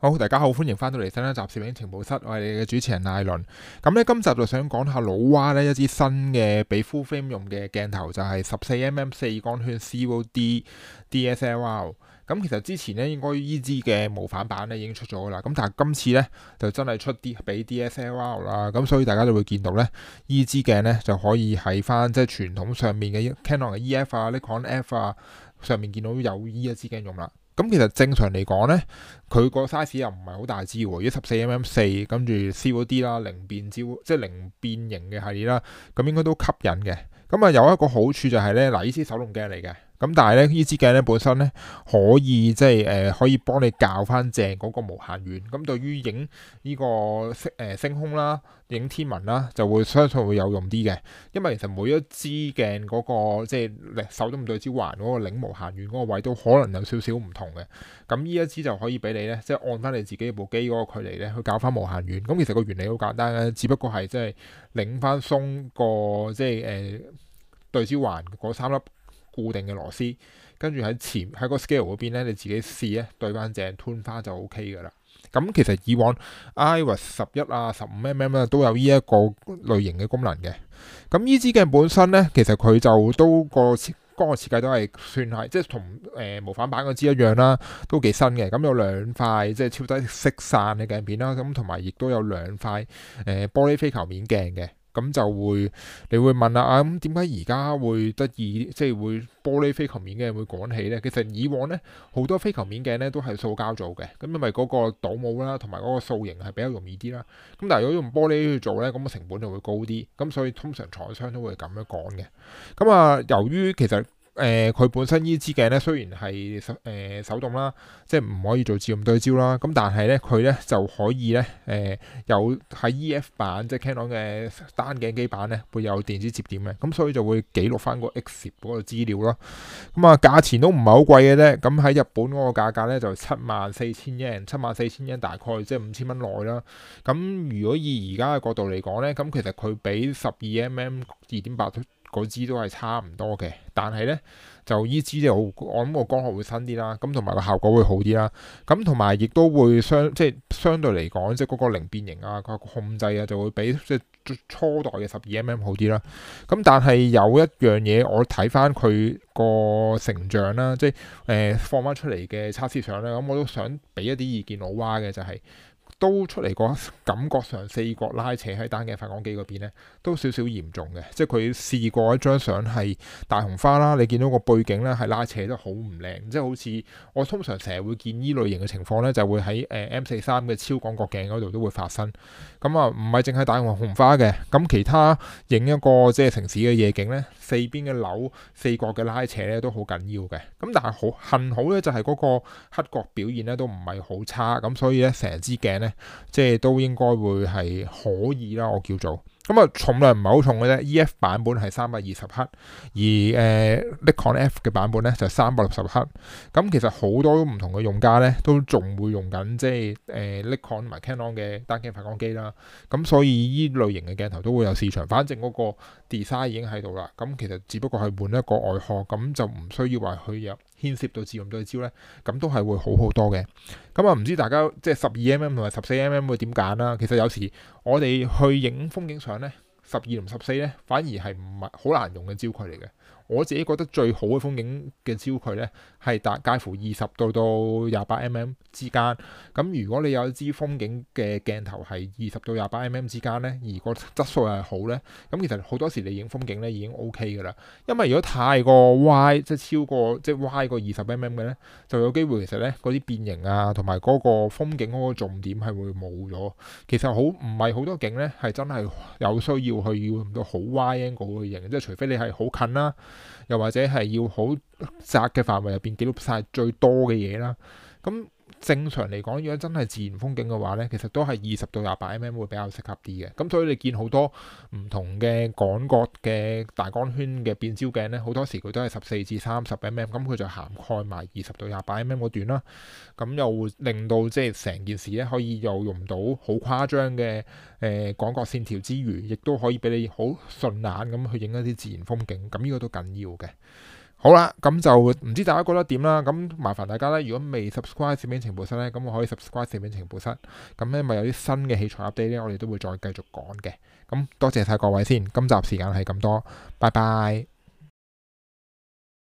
好，大家好，歡迎翻到嚟新一集攝影情報室，我係你嘅主持人艾倫。咁咧，今集就想講下老蛙呢一支新嘅俾 full frame 用嘅鏡頭，就係十四 mm 四光圈 Zero-D D S L R。咁其實之前呢，應該呢支嘅無反版咧已經出咗啦，咁但係今次呢，就真係出啲俾 D S L R 啦。咁所以大家就會見到呢，呢支鏡呢，就可以喺翻即係傳統上面嘅 Canon 嘅 E F 啊、Nikon F 啊，上面見到有呢一支鏡用啦。咁其實正常嚟講咧，佢個 size 又唔係好大支喎，依十四 mm 四，跟住 C 或 D 啦，零變焦即係零變形嘅系列啦，咁、嗯、應該都吸引嘅。咁、嗯、啊有一個好處就係、是、咧，嗱，呢支手動鏡嚟嘅。咁但係咧，呢支鏡咧，本身咧可以即係誒，可以幫、呃、你校翻正嗰個無限遠。咁、嗯、對於影呢個星星空啦、影天文啦，就會相信會有用啲嘅。因為其實每一支鏡嗰、嗰個即係手動對焦環嗰個擰無限遠嗰個位都可能有少少唔同嘅。咁呢一支就可以俾你咧，即係按翻你自己部機嗰個距離咧去校翻無限遠。咁、嗯、其實個原理好簡單咧，只不過係即係擰翻鬆個即係誒、呃、對焦環嗰三粒，固定嘅螺絲，跟住喺前喺個 scale 嗰邊咧，你自己試咧對翻正吞花就 OK 噶啦。咁其實以往 Irix 十一啊、十五 mm 咧、啊、都有呢一個類型嘅功能嘅。咁呢支鏡本身咧，其實佢就都個設、嗰個設計都係算係，即係同誒模反版嗰支一樣啦、啊，都幾新嘅。咁有兩塊即係超低色散嘅鏡片啦，咁同埋亦都有兩塊誒玻璃非球面鏡嘅。咁就會你會問啦，啊，咁點解而家會得意，即係會玻璃非球面鏡會講起咧？其實以往咧好多非球面鏡咧都係塑膠做嘅，咁因為嗰個倒模啦同埋嗰個塑形係比較容易啲啦。咁但係如果用玻璃去做咧，咁個成本就會高啲。咁所以通常廠商都會咁樣講嘅。咁啊，由於其實。誒佢、呃、本身呢支鏡咧，雖然係手、呃、手動啦，即係唔可以做自動對焦啦，咁但係咧佢咧就可以咧誒、呃、有喺 EF 版，即係 Canon 嘅單鏡機版咧，會有電子接點嘅，咁、嗯、所以就會記錄翻個 X 攝嗰個資料咯。咁、嗯、啊，價錢都唔係好貴嘅啫。咁、嗯、喺日本嗰個價格咧就七萬四千英，七萬四千英大概即係五千蚊內啦。咁、嗯、如果以而家嘅角度嚟講咧，咁、嗯、其實佢比十二 mm 二點八。嗰支都係差唔多嘅，但係呢就呢支就係我我諗個光學會新啲啦，咁同埋個效果會好啲啦，咁同埋亦都會相即係相對嚟講，即係嗰個零變形啊、個控制啊，就會比即係初代嘅十二 mm 好啲啦。咁但係有一樣嘢，我睇翻佢個成像啦，即係誒、呃、放翻出嚟嘅測試相咧，咁、嗯、我都想俾一啲意見老蛙嘅就係、是。都出嚟過，感覺上四角拉扯喺單鏡發光機嗰邊咧，都少少嚴重嘅。即係佢試過一張相係大紅花啦，你見到個背景咧係拉扯得好唔靚，即係好似我通常成日會見呢類型嘅情況咧，就會喺誒 M 四三嘅超廣角鏡嗰度都會發生。咁啊，唔係淨係大紅紅花嘅，咁其他影一個即係城市嘅夜景咧，四邊嘅樓、四角嘅拉扯咧都好緊要嘅。咁但係好幸好咧，就係嗰個黑角表現咧都唔係好差，咁所以咧成支鏡咧。即係都應該會係可以啦，我叫做咁啊、嗯，重量唔係好重嘅啫。EF 版本係三百二十克，而、呃、Nikon F 嘅版本咧就三百六十克。咁、嗯、其實好多唔同嘅用家咧都仲會用緊即係、呃、Nikon 同埋 Canon 嘅單鏡反光機啦。咁、嗯、所以依類型嘅鏡頭都會有市場。反正嗰個 design 已經喺度啦。咁、嗯、其實只不過係換一個外殼，咁、嗯、就唔需要話佢有牽涉到自動對焦咧。咁、嗯、都係會好好多嘅。咁啊，唔、嗯、知大家即係十二 mm 同埋十四 mm 會點揀啦？其實有時我哋去影風景相咧，十二同十四咧，反而係唔係好難用嘅焦距嚟嘅。我自己覺得最好嘅風景嘅焦距呢，係大，介乎二十到到廿八 mm 之間。咁如果你有一支風景嘅鏡頭係二十到廿八 mm 之間呢，而個質素又係好呢，咁其實好多時你影風景呢已經 OK 㗎啦。因為如果太過 wide，即係超過即係 wide 過二十 mm 嘅呢，就有機會其實呢嗰啲變形啊，同埋嗰個風景嗰個重點係會冇咗。其實好唔係好多景呢係真係有需要去要到好 wide angle 嘅形即係除非你係好近啦、啊。又或者係要好窄嘅範圍入邊記錄晒最多嘅嘢啦，咁。正常嚟講，如果真係自然風景嘅話呢，其實都係二十到廿八 mm 會比較適合啲嘅。咁所以你見好多唔同嘅廣角嘅大光圈嘅變焦鏡呢，好多時佢都係十四至三十 mm，咁佢就涵蓋埋二十到廿八 mm 嗰段啦。咁又會令到即係成件事呢，可以又用到好誇張嘅誒廣角線條之餘，亦都可以俾你好順眼咁去影一啲自然風景。咁呢個都緊要嘅。好啦，咁就唔知大家覺得點啦。咁麻煩大家咧，如果未 subscribe 攝影情報室咧，咁我可以 subscribe 攝影情報室。咁咧咪有啲新嘅器材 update 咧，我哋都會再繼續講嘅。咁多謝晒各位先，今集時間係咁多，拜拜。